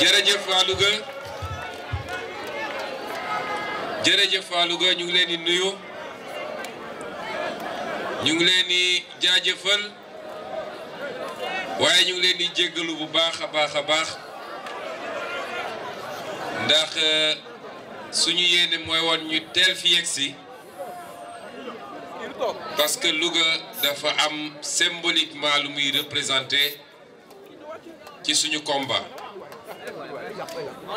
jërëjëf waa Louga jërëjëf waa Louga ñu ngi leen di nuyu ñu ngi leen di jaajëfal waaye ñu ngi leen di jéggalu bu baax a baax a baax ndax euh, suñu yéene mooy woon ñu teel fi yegg si parce que Louga dafa am symboliquement lu muy représenté ci suñu combat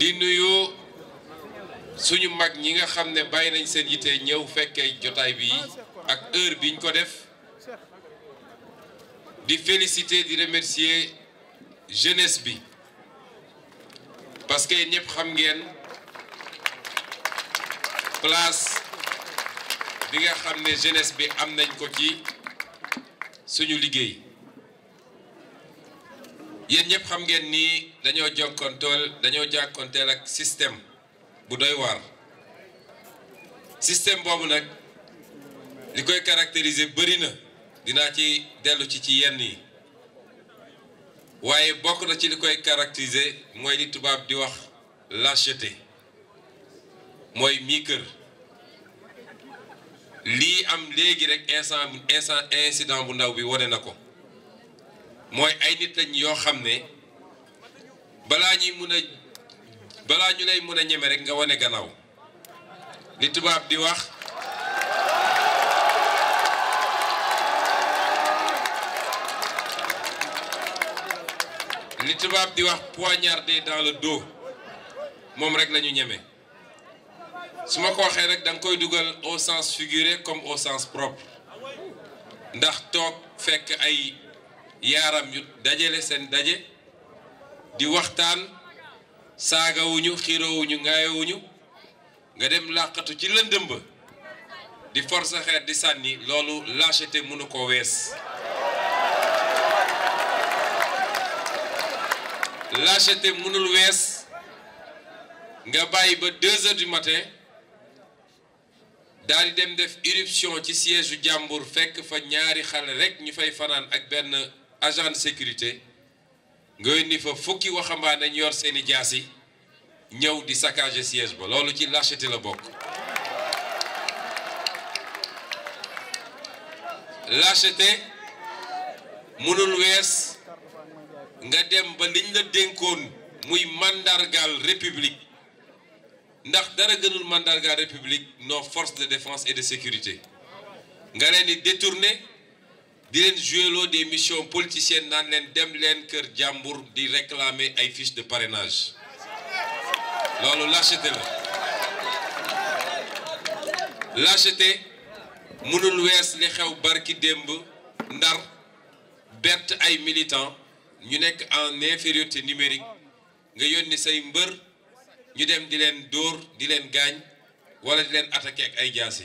di nuyu suñu mag ñi nga xamné ne nañ seen yité ñew féké jotay bi ak heure biñ ko def di féliciter di remercier jeunesse bi parce que ñëpp xam ngeen place bi nga xamné jeunesse bi am nañ ko ci suñu liggéey yéen ñëpp xam ngeen ni dañoo jokkonteel dañoo jàkkoonteel ak système bu doy waar système boobu nag li koy caractériser bëri na dinaa ci dellu ci ci yenn yi waaye bokk na ci li koy caractériser mooy li tubaab di wax lâcheté mooy mii kër lii am léegi rek instant instant incident bu ndaw bi wane na ko moy ay nit lañ yo xamné ne balaa ñuy mun a ñu lay mëna ñëmé rek nga woné gannaaw li tubaab di wax li tubaab di wax poignardé dans le dos mom rek lañu ñëmé suma ko waxé rek dang koy duggal au sens figuré comme au sens propre ndax tok fekk ay yaaram yu dajale seen daje di waxtaan wuñu ngaay wuñu nga dem laqatu ci lendeum ba di force xet di sanni loolu lâcheté mënu ko wess lâcheté mënul wess nga bàyyi ba 2h du matin dali dem def irruption ci siège jambour fek fekk fa ñaari xal rek ñu fay ak benn agent de sécurité nga nous fa fukki waxambaane ñu yor seeni jaas di le siège ba loolu ci lâcheté les bok. lâcheté mënul wees nga dem ba liñ la muy république ndax dara gënul mandargal république nos forces de défense et de sécurité nga dilen leen joueloo des missions politiciennes nan len dem len keur jambour di réclamer ay fiches de parrainage lolu lâcheté la lâcheté mënul wess li xew barki demb ndar bet ay militants ñu nek en infériorité numérique nga yónni say mbeur ñu dem di len door di len gaañ wala di len attaquer ak ay jaasi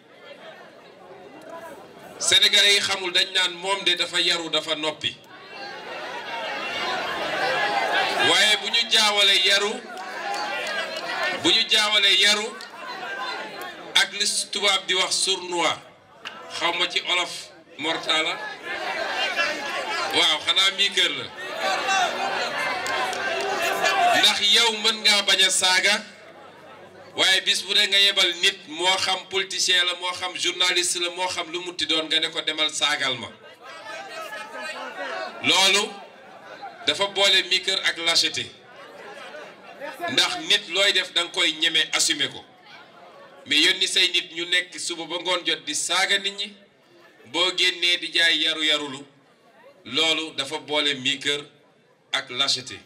sénégalais yi xamul dañ naan moom de dafa yaru dafa noppi waaye bu ñu jaawale yaru bu ñu jaawale yaru ak tubaab bi wax sournois xaw ci olof mortala waaw xanaa mii kër la ndax yow mën ngaa bañ a saaga waaye bis bu ne nga yebal nit moo xam politicien la moo xam journalist la moo xam lu mutti doon nga ne ko demal saagal ma loolu dafa boole mii kër ak lâcheté ndax nit looy def da koy ñeme assumer ko mais yónni say nit ñu nekk suba ba ngoon jot di saaga nit ñi boo génnee di jaay yaru yarulu loolu dafa boole mii kër ak lâcheté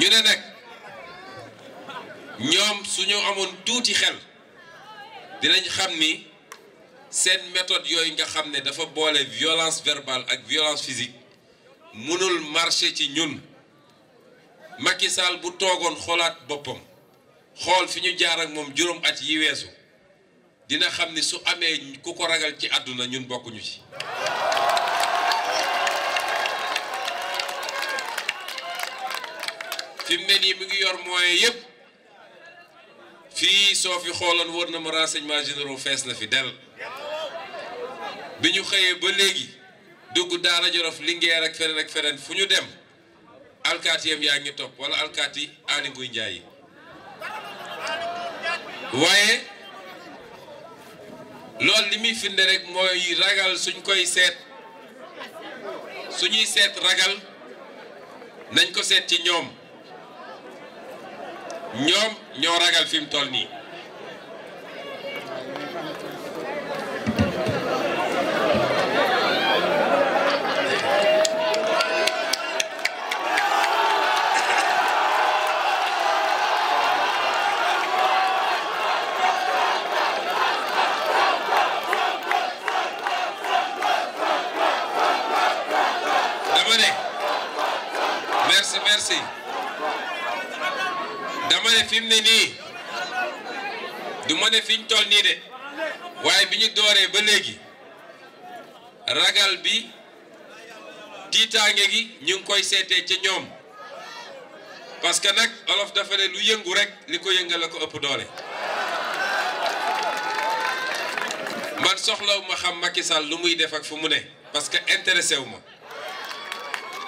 ñu ne nekk ñoom su ñu amoon tuuti xel dinañ xam ni seen méthode yooyu nga xam ne dafa boole violence verbale ak violence physique mënul marché ci ñun Macky bu toogoon xoolaat boppam xool fi ñu jaar ak moom juróom at yi weesu dina xam ni su amee ku ko ragal ci àdduna ñun bokkuñu ci fi mu ne nii mu ngi yor moyen yépp fii soo fi xooloon wër na ma renseignement généraux fees na fi del bi ñu xëyee ba léegi dugg Daara Jolof Linguère ak feneen ak feneen fu ñu dem alkaati yam yaa ngi topp wala alkaati Aly Ngouille Ndiaye yi waaye loolu li muy firnde rek mooy ragal suñ koy seet suñuy seet ragal nañ ko seet ci ñoom ñoom ñoo ragal fi mu toll nii waaye mu ne nii du ma ne fi toll nii de waaye bi ñu dooree ba léegi ragal bi tiitaange gi ñu ngi koy seetee ci ñoom parce que nag olof dafa ne lu yëngu rek li ko yëngal la ko ëpp doole. man soxlaw ma xam Macky Sall lu muy def ak fu mu ne parce que intéressé wu ma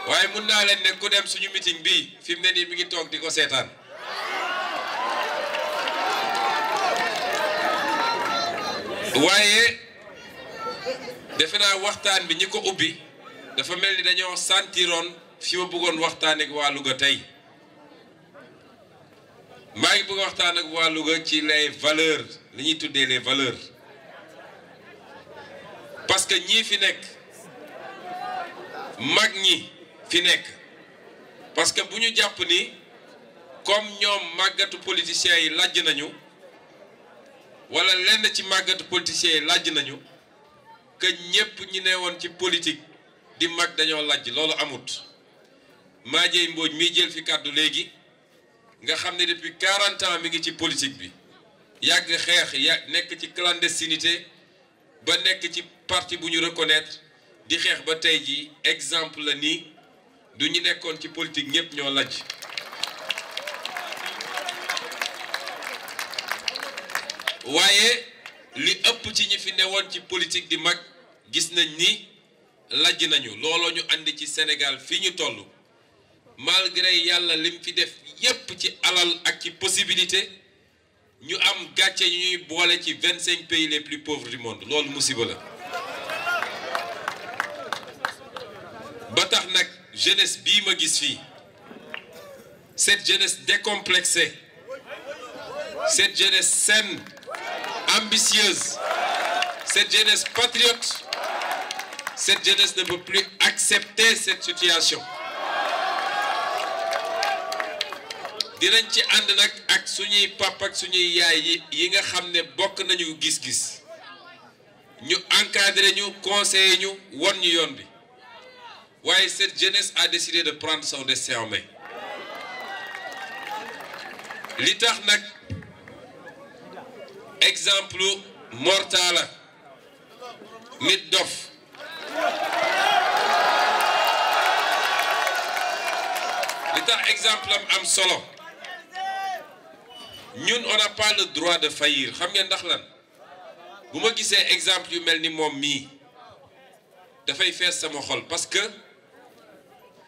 waaye mun naa leen ne ku dem suñu meeting bi fi mu ne nii mi ngi toog di ko seetaan. waaye defe naa waxtaan bi ñi ko ubbi dafa mel ni dañoo santiroon fi ma bëggoon waxtaan ak ga tey maa ngi bëgg waxtaan ak ga Louga ci les valeurs li ñuy tuddee les valeur parce que ñii fi nekk mag ñi fi nekk parce que bu ñu jàpp ni comme ñoom màggatu politiciens yi lajj nañu wala lenn ci màggatu politiciens yi laaj nañu que ñépp ñi ne ci politique di mag dañoo laaj loolu amut Madieye Mbodj mi jël fi kàddu léegi nga xam ne depuis 40 ans mi ngi ci politique bi yàgg xeex ya nekk ci clandestinité ba nekk ci parti bu ñu reconnaître di xeex ba tey jii exemple la nii du ñu nekkoon ci politique ñépp ñoo laaj waaye li ëpp ci ñi fi newoon ci politique di mag gis nañ ni lajj nañu looloo ñu andi ci Sénégal fii ñu toll malgré yalla lim fi def yépp ci alal ak ci possibilité ñu am gàcce yu ñuy boole ci vingt cinq pays les plus pauvres du monde loolu musiba la ba tax nag jeunesse bii ma gis fii cette jeunesse décomplexée cette jeunesse saine ambitieuse. Cette jeunesse patriote, cette jeunesse ne peut plus accepter cette situation. ci et papa ak suñuy yaay yi nga nañu gis-gis encadré conseillé cette jeunesse a décidé de prendre son destin en main exemple Mortala nit dof li exemple am solo ñun on n'a pas le droit de faillir xam ngeen ndax lan buma ma exemple yu melni mom mi da fay fees sama xol parce que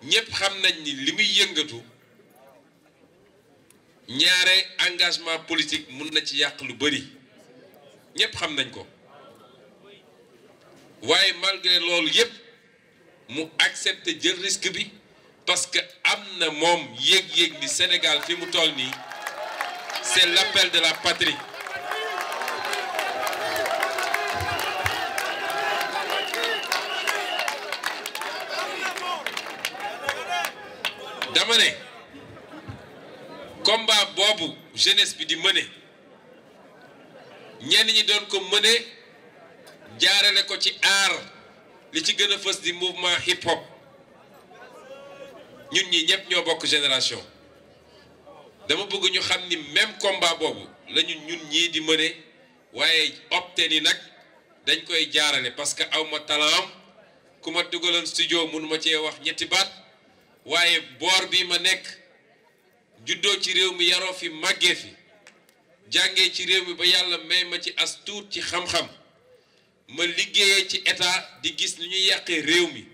ñepp xam nañ ni limuy yëngatu ñaare engagement politique mën na ci yaq lu bari ñëpp xam nañ ko malgré lool je mu accepter jël risque parce que am Sénégal fi mu c'est l'appel de la patrie dama ne combat bobu jeunesse bi di ñenn ñi doon ko mëne jaarale ko ci aar li ci gën a fës di mouvement hip hop ñun ñi ñëpp ñoo bokk génération dama bëgg ñu xam ni même combat boobu lañu ñun ñii di mëne waaye opté ni nag dañ koy jaarale parce que aw ma talaam ku ma dugaloon studio mënuma cee wax ñetti baat waaye boor bi ma nekk juddoo ci réew mi yaroo fi màggee fi jangé ci réew mi ba yalla may ma ci astour ci xam-xam ma liggéeyee ci état di gis ni ñuy yaqé réew mi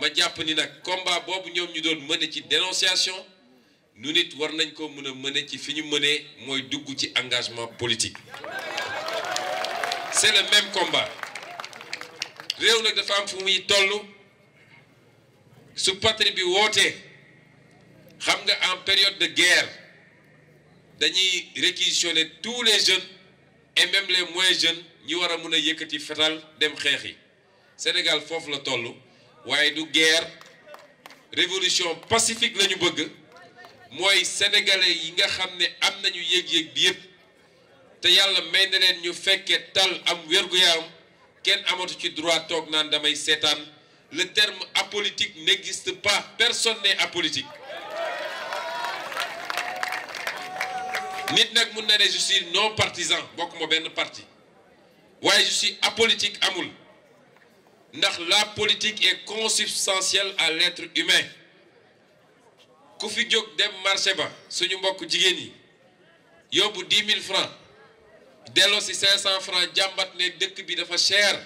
ma japp ni nak combat bobu ñom ñu doon mëne ci dénonciation nu nit war nañ ko mën mëne ci fiñu mëne moy mooy dugg ci engagement politique c'est le même combat réew nag dafa am fu muy tollu su patrie bi wootee xam nga en période de guerre dañuy réquisitionner tous les jeunes et même les moins jeunes ñi wara mëna yëkëti fétal dem xeex yi Sénégal fofu la tollu waye du guerre révolution pacifique lañu bëgg moy sénégalais yi nga xamné ne am nañu yëg-yëg bi yëpp te may na leen ñu féké tal am wér-gu-yaram kenn amatu ci droit tok naan damay sétane le terme apolitique n'existe pas personne n'est apolitique nit nak mun na né je suis non partisan bokkuma ben parti waaye je suis apolitique amul ndax la politique est consubstantielle à l'être humain ku fi jog dem marché ba suñu mbokk jigéen yi yóbbu francs delloo ci 500 francs jambat ne dëkk bi dafa cher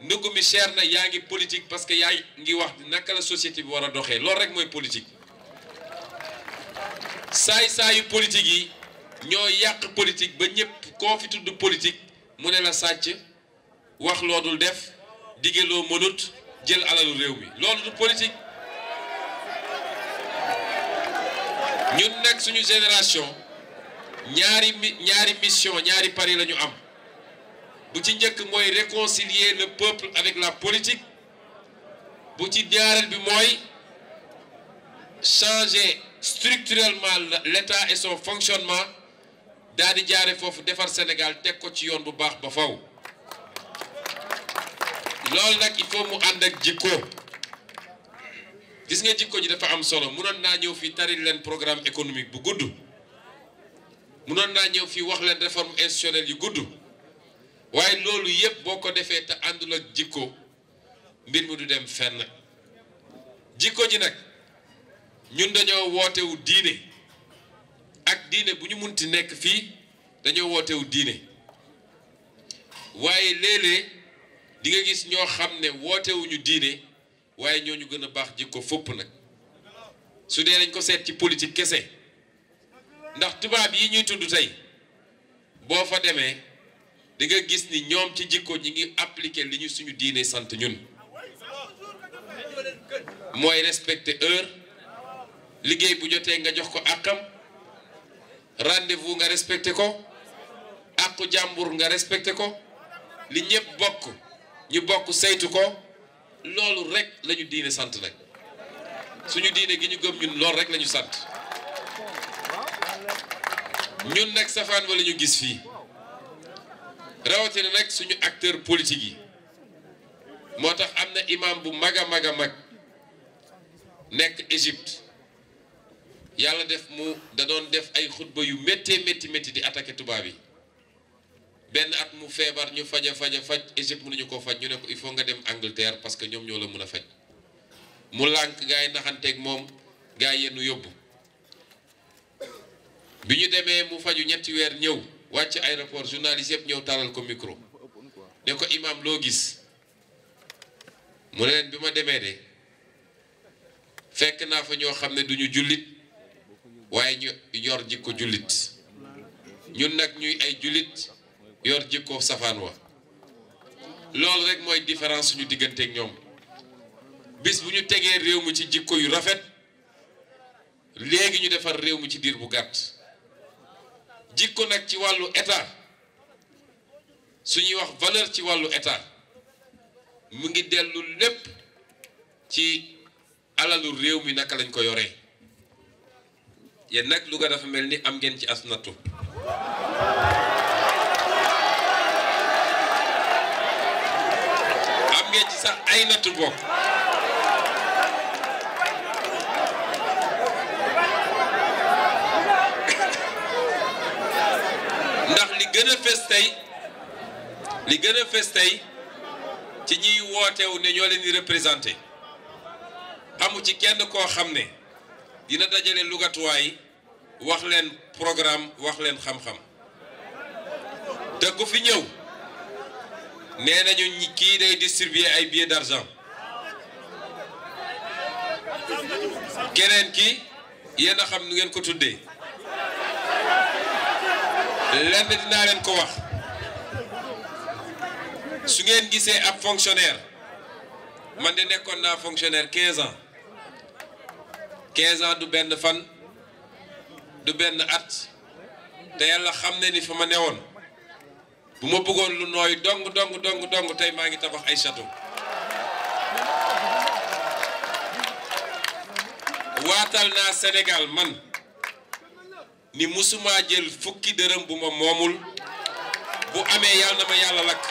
ndugg mi cher na yaa politique parce que yaa ngi wax naka la société bi wara doxé lool rek moy politique Say la politique yi politiques, nous politique ba ñëpp koo fi Nous politique mu la wax sommes def molut, jël alalu politique Nous une génération mission pari la nous am bu ci réconcilier le peuple avec la politique bu ci changer structurellement l'État et so fonctionnement daadi di jaare foofu defar Sénégal teg ko ci yoon bu baax ba faw loolu nag il faut mu ànd ak jikko gis nga jikko ji dafa am solo munoon naa ñëw fii tari leen programme économique bu gudd munoon naa ñëw fii wax leen réforme institutionnelle yu gudd waaye loolu yépp boo ko defee te àndul ak jikko mbir mi du dem fenn jikko ji nag ñun dañoo wu diine ak diine bu ñu munti nekk fii dañoo wu diine waaye léeg di nga gis ñoo xam ne wuñu diine waaye Nous gën baax jikko nag su dee dañ ko ci politique kese ndax tubaab yi ñuy fa di nga gis ni ñoom ci jikko ñi ngi appliquer li suñu ñun liggéey bu jotee nga jox ko àqam rendez-vous nga respecté ko àqu jàmbur nga respecté ko li ñëpp bokk ñu bokk saytu ko loolu rek lañu diine sant nag suñu diine gi ñu gëm ñun loolu rek lañu sant ñun nag safaan wala ñu gis fii rawatina nag suñu acteur politique yi moo tax am na imam bu mag a mag a mag nekk Égypte yàlla def mu da def ay xutba yu méttee métti métti di attaqué tubaab yi benn at mu feebar ñu faj a faj a faj Égypte mënuñu koo faj ñu ne ko il faut nga dem Angleterre parce que ñoom ñoo la mën a faj lànk gaa yi naxanteeg moom gaa yi yennu yóbbu bi ñu demee mu faju ñetti weer ñëw wàcc aéroport journaliste yëpp ñëw taalal ko micro ne ko imaam loo gis mu ne leen bi ma demee de fekk naa fa ñoo xam ne duñu jullit waaye ñu yor jikko jullit ñu nag ñuy ay jullit yor jikko safaan wa loolu rek mooy différence suñu diggante ak ñoom bis bu ñu tegee réew mi ci jikko yu rafet léegi ñu defar réew mi ci diir bu gàtt jikko nag ci wàllu état suñuy wax valeur ci wàllu état mu ngi dellu lépp ci alalu réew mi naka lañ ko yoree yéen nag Louga dafa mel am ngeen ci as am ngeen ci sax ay de ndax li gën a li gën a tey ci ne ñoo leen di représenté amu ci kenn dina dajale lugatuwaay wax leen programme wax leen xam-xam te ku fi ñëw nee nañu ñi kii day distribuer ay billets d'argent keneen ki yéen a xam nu ngeen ko tuddee lenn dinaa leen ko wax su ngeen gisee ab fonctionnaire man de nekkoon naa fonctionnaire 15 ans. 15 ans du benn fan du benn at te yàlla xam ne ni fa ma newoon bu ma bëggoon lu nooy dong dong dong dong tey maa ngi tabax ay château waatal naa Sénégal man ni musuma jël fukki dërëm bu ma moomul bu amee yàlla na ma yàlla lakk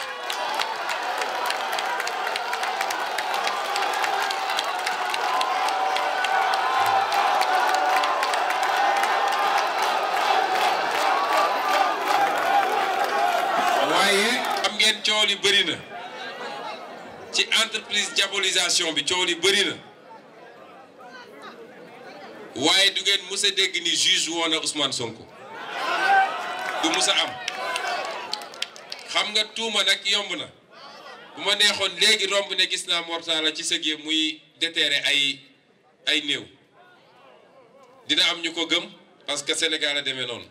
coow li bëri na ci entreprise diabolisation bi coow bari na waaye du ngeen mës a dégg ni juge woon na Ousmane Sonko du mës am xam nga tuuma nag yomb na bu ma neexoon léegi romb ne gis naa la ci sëg muy déterrer ay ay néew dina am ñu ko gëm parce que Sénégal a demee noonu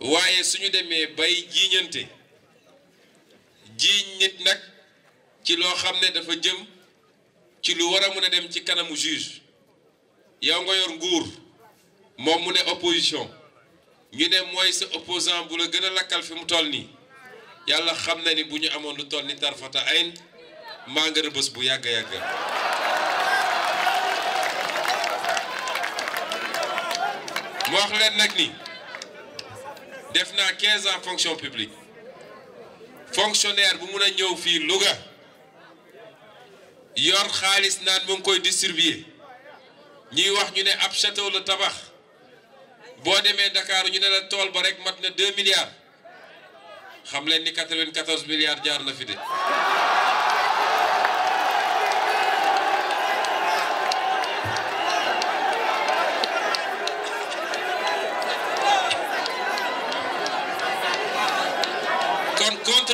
waaye suñu demee bay jiiñante jiiñ nit nag ci loo xam ne dafa jëm ci lu war a mën a dem ci kanamu juge yow nga yor nguur moom mu ne opposition ñu ne mooy sa opposant bu la gën a lakkal fi mu toll nii yàlla xam na ni bu ñu amoon lu toll ni tarfata ayn maa nga rëbës bu yàgg yàgg mu wax leen nag ni def naa 15 ans fonction publique fonctionnaire bu mun a ñëw fii Louga yor xaalis naan mu ngi koy distribuer ñuy wax ñu ne ab château la tabax boo demee ndakaaru ñu ne la tool ba rek mat na 2 milliards xam leen ni 94 milliards jaar na fi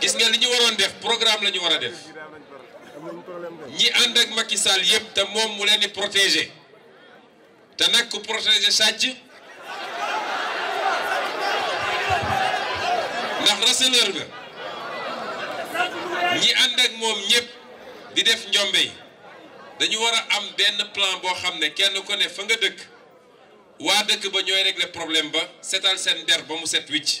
gis nga li ñu waroon def programme la ñu war a def ñi ànd ak Macky yépp yëpp te moom mu leen di protéger te nag ku protéger sàcc ndax receleur nga ñi ànd ak moom ñëpp di def njombe yi dañu war a am benn plan boo xam ne kenn ku ne fa nga dëkk waa dëkk ba ñooy régler problème ba setal seen der ba mu set wicc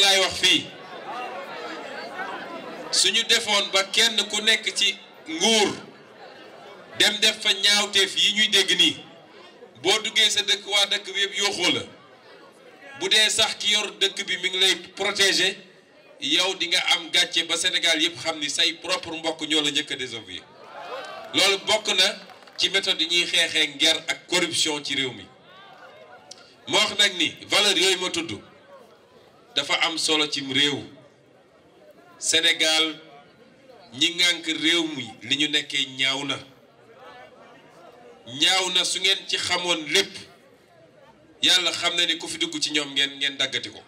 lay wax suñu defoon ba kenn ku nekk ci nguur dem def fa ñaawteef yi ñuy dégg nii boo duggee sa dëkk waa dëkk bu sax ki yor dëkk bi mi ngi lay protéger yow di nga am ba Sénégal say propre mbokk ñoo la njëkk a loolu na ci méthode yi ak corruption ci réew mi moo wax ni valeur dafa am solo cim réew senegal ñi ngànk réew mi li ñu nekkee ñaaw na ñaaw na su ngeen ci xamoon lépp yàlla xam na ni ku fi dugg ci ñoom ngeen ngeen daggati ko